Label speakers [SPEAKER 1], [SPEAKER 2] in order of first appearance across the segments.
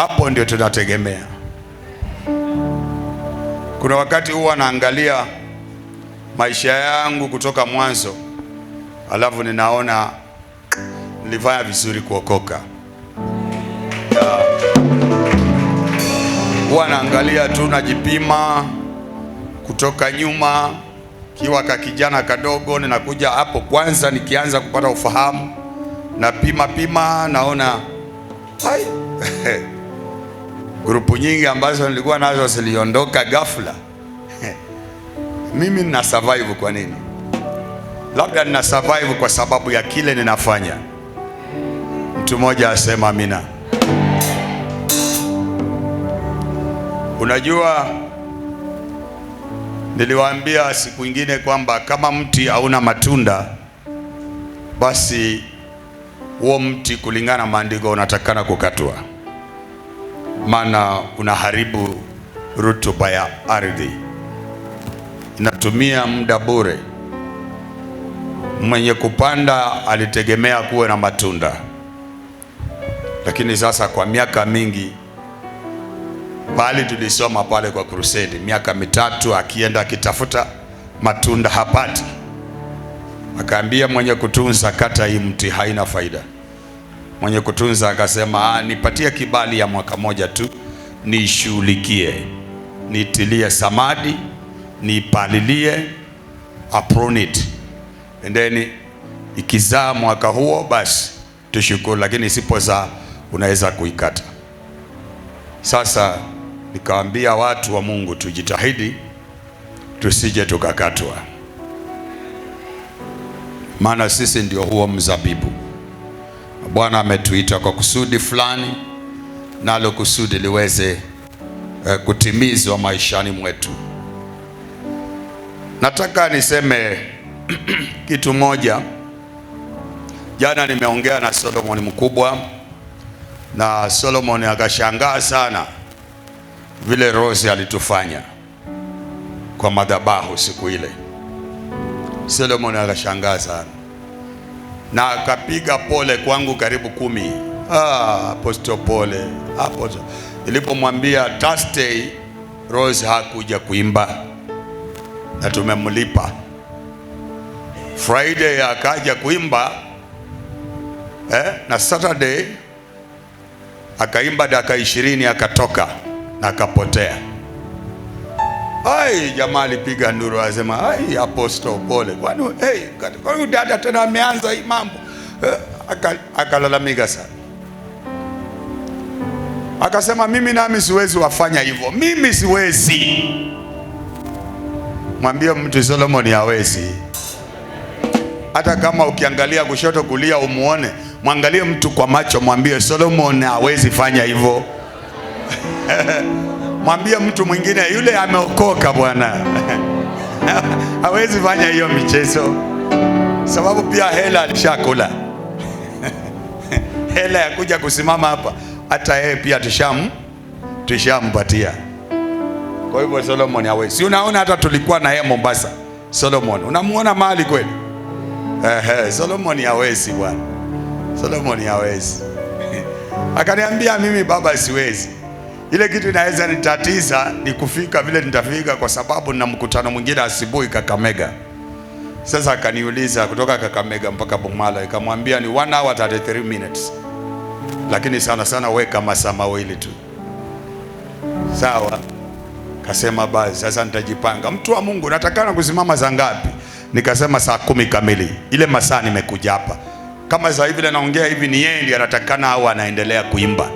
[SPEAKER 1] Hapo ndio tunategemea. Kuna wakati huwa naangalia maisha yangu kutoka mwanzo, alafu ninaona nilifanya vizuri kuokoka. Huwa naangalia tu, najipima kutoka nyuma, kiwa ka kijana kadogo, ninakuja hapo kwanza, nikianza kupata ufahamu, napima pima, naona hai grupu nyingi ambazo nilikuwa nazo ziliondoka ghafla. Mimi nina survive kwa nini? Labda nina survive kwa sababu ya kile ninafanya. Mtu mmoja asema amina. Unajua, niliwaambia siku ingine kwamba kama mti hauna matunda, basi huo mti kulingana na maandiko unatakana kukatwa maana unaharibu rutuba ya ardhi, inatumia muda bure. Mwenye kupanda alitegemea kuwe na matunda, lakini sasa kwa miaka mingi bali tulisoma pale kwa crusade, miaka mitatu akienda akitafuta matunda hapati. Akaambia mwenye kutunza kata hii, mti haina faida. Mwenye kutunza akasema, ah, nipatie kibali ya mwaka moja tu niishughulikie, nitilie samadi, niipalilie, apronit, and then ikizaa mwaka huo basi tushukuru, lakini isipozaa unaweza kuikata. Sasa nikawaambia watu wa Mungu, tujitahidi tusije tukakatwa, maana sisi ndio huo mzabibu. Bwana ametuita kwa kusudi fulani, nalo kusudi liweze eh, kutimizwa maishani mwetu. Nataka niseme kitu moja. Jana nimeongea na Solomoni mkubwa, na Solomoni akashangaa sana vile Rose alitufanya kwa madhabahu siku ile. Solomoni akashangaa sana na akapiga pole kwangu karibu kumi. Ah, Apostle Pole hapo nilipomwambia Thursday Rose hakuja kuimba na tumemlipa. Friday akaja kuimba eh, na Saturday akaimba dakika ishirini akatoka na akapotea. Ai, jamaa alipiga nduru asema, ai apostol, pole kwani, hey, kwa dada tena ameanza hii mambo eh, akalalamika sana, akasema mimi nami siwezi wafanya hivyo, mimi siwezi. Mwambie mtu Solomoni hawezi. Hata kama ukiangalia kushoto kulia umuone, mwangalie mtu kwa macho, mwambie Solomoni hawezi fanya hivyo Mwambie mtu mwingine yule ameokoka bwana. Hawezi fanya hiyo michezo, sababu pia hela alishakula hela ya kuja kusimama hapa, hata yeye pia tusham tushampatia. Kwa hivyo Solomon hawezi. Si unaona hata tulikuwa na yeye Mombasa. Solomon unamwona mahali kweli? Ehe, Solomon hawezi bwana, Solomon hawezi. Akaniambia mimi baba siwezi ile kitu inaweza nitatiza ni kufika vile nitafika, kwa sababu na mkutano mwingine asubuhi Kakamega. Sasa akaniuliza kutoka Kakamega mpaka Bumala, ikamwambia ni 1 hour 33 minutes, lakini sana sana weka masaa mawili tu. Sawa, kasema basi sasa nitajipanga. Mtu wa Mungu, natakana kusimama za ngapi? Nikasema saa kumi kamili, ile masaa nimekuja hapa. Kama saa hivi naongea hivi, ni yeye ndiye anatakana au anaendelea kuimba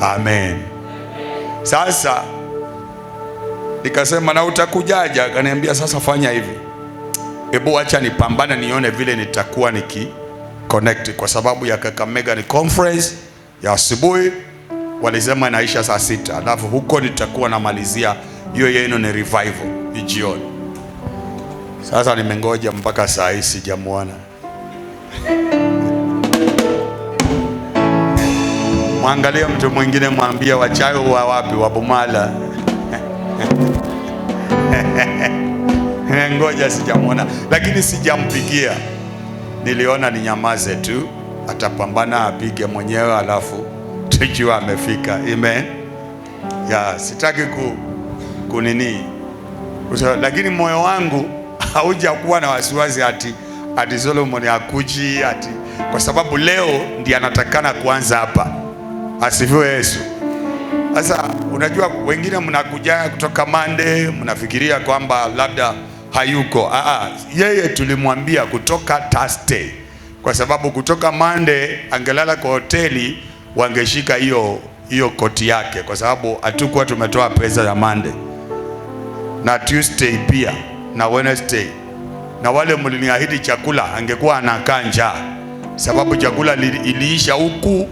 [SPEAKER 1] Amen. Sasa nikasema na utakujaja? Akaniambia sasa fanya hivi, hebu acha nipambane nione vile nitakuwa niki connect, kwa sababu ya Kakamega ni conference ya asubuhi, walisema inaisha saa sita, alafu huko nitakuwa namalizia hiyo yenu ni revival ni jioni. Sasa nimengoja mpaka saa hii sijamuona. Mwangalie mtu mwingine, mwambie wachawi wa wapi? Wa Bumala. Ngoja, sijamwona lakini sijampigia, niliona ninyamaze tu. Atapambana apige mwenyewe, alafu tujua amefika. Amen ya sitaki ku, kunini, lakini moyo wangu haujakuwa na wasiwasi ati ati Solomon akuji ati, kwa sababu leo ndiye anatakana kuanza hapa. Asifiwe Yesu. Sasa unajua, wengine mnakuja kutoka Mande, mnafikiria kwamba labda hayuko. Aa, ah, ah, yeye tulimwambia kutoka taste, kwa sababu kutoka Mande angelala kwa hoteli wangeshika hiyo hiyo koti yake, kwa sababu hatukuwa tumetoa pesa ya Mande na Tuesday pia na Wednesday, na wale mliniahidi chakula, angekuwa anakaa njaa, sababu chakula iliisha huku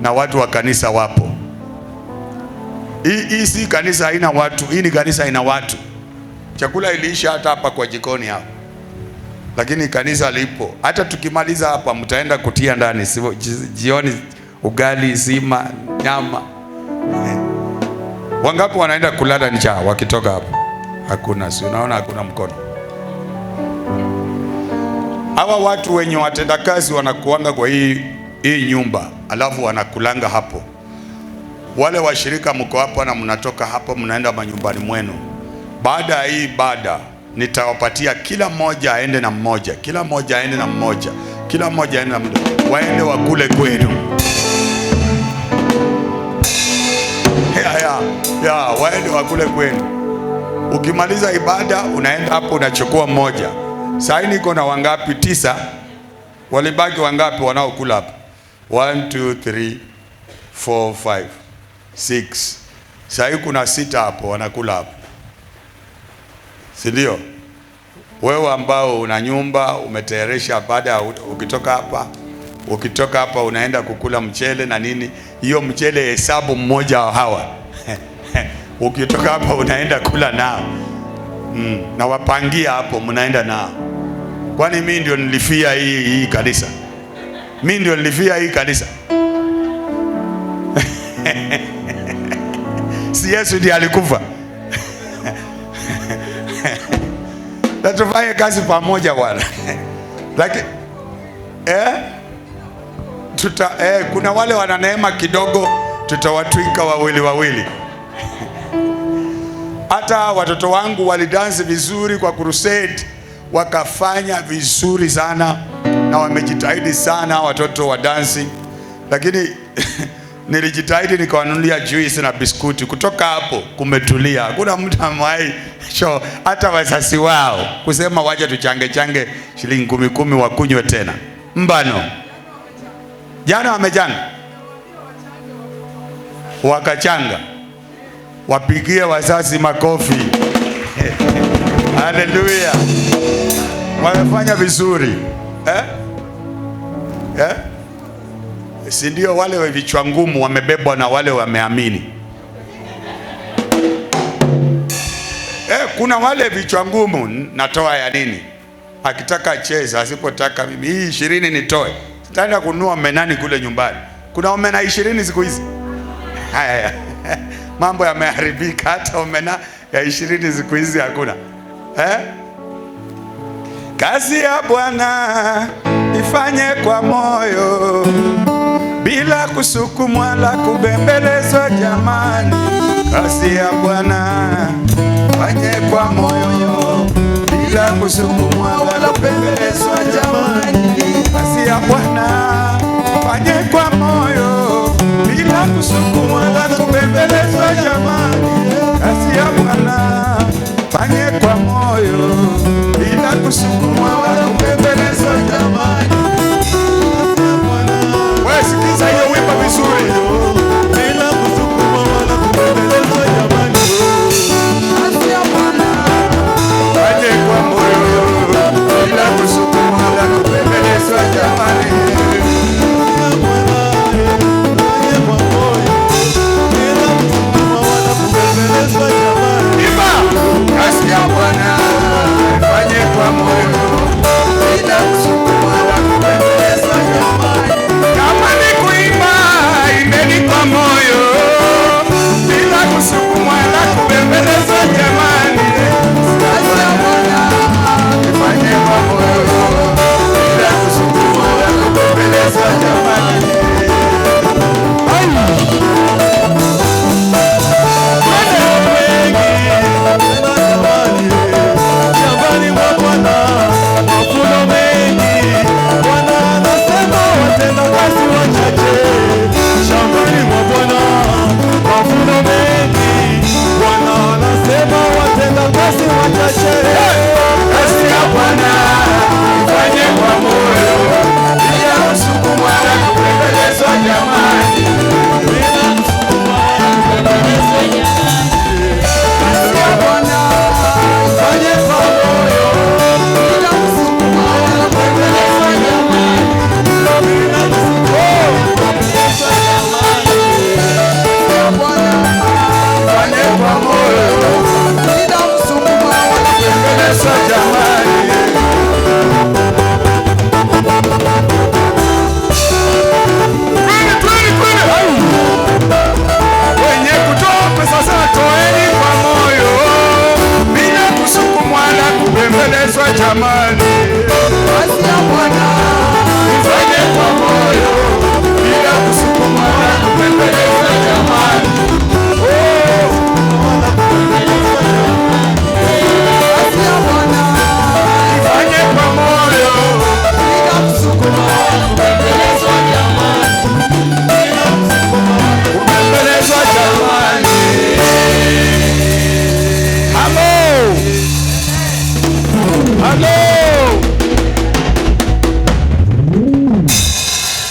[SPEAKER 1] na watu wa kanisa wapo. Hii si kanisa haina watu, hii ni kanisa ina watu. Chakula iliisha hata hapa kwa jikoni hapo, lakini kanisa lipo. Hata tukimaliza hapa, mtaenda kutia ndani jioni, ugali zima, nyama. Eh. Wangapi wanaenda kulala njaa wakitoka hapa? Hakuna, si unaona, hakuna mkono. Hawa watu wenye watendakazi wanakuanga kwa hii hii nyumba, alafu wanakulanga hapo. Wale washirika mko hapo na mnatoka hapo mnaenda manyumbani mwenu. Baada ya hii ibada nitawapatia kila mmoja aende na mmoja, kila mmoja aende na mmoja, kila mmoja aende na mmoja, waende wakule kwenu. Ya, ya, ya, waende wakule kwenu. Ukimaliza ibada unaenda hapo unachukua mmoja. Saini iko na wangapi? Tisa. Walibaki wangapi wanaokula hapo? One, two, three, four, five, six. Sahii kuna sita hapo wanakula hapo, si ndio? Wewe ambao una nyumba umetayarisha, baada ukitoka hapa ukitoka hapa unaenda kukula mchele na nini, hiyo mchele hesabu mmoja wa hawa ukitoka hapa unaenda kula nao mm, na wapangia hapo, mnaenda nao. Kwani mimi ndio nilifia hii hii kanisa? mi ndio nilivia hii kanisa si Yesu ndiye alikufa? Natufanye kazi pamoja bwana. Lakini eh, tuta eh, kuna wale wana neema kidogo, tutawatwika wawili wawili. Hata watoto wangu walidansi vizuri kwa crusade, wakafanya vizuri sana na wamejitahidi sana watoto wa dansi lakini nilijitahidi nikawanunulia juisi na biskuti. Kutoka hapo kumetulia, hakuna mtu amewai sho hata wazazi wao kusema waje tuchange change shilingi kumi kumi wakunywe tena mbano. Jana wamechanga wakachanga, wapigie wazazi makofi. Haleluya, wamefanya vizuri eh? eh? Si ndio wale vichwa ngumu wamebebwa na wale wameamini eh? Kuna wale vichwa ngumu, natoa ya nini? Akitaka cheza, asipotaka mimi hii ishirini nitoe. Sitaenda kununua menani kule nyumbani, kuna omena ishirini siku hizi. Haya, mambo yameharibika, hata omena ya ishirini siku hizi hakuna eh? Kazi ya Bwana ifanye kwa moyo bila kusukumwa la kubembelezwa. Jamani, kazi ya Bwana fanye kwa moyo bila kusukumwa la kubembelezwa jamani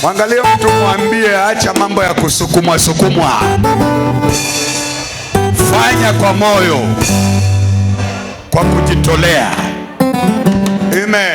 [SPEAKER 1] Angalia mtu mwambie, acha mambo ya kusukumwa sukumwa, fanya kwa moyo, kwa kujitolea. Amen.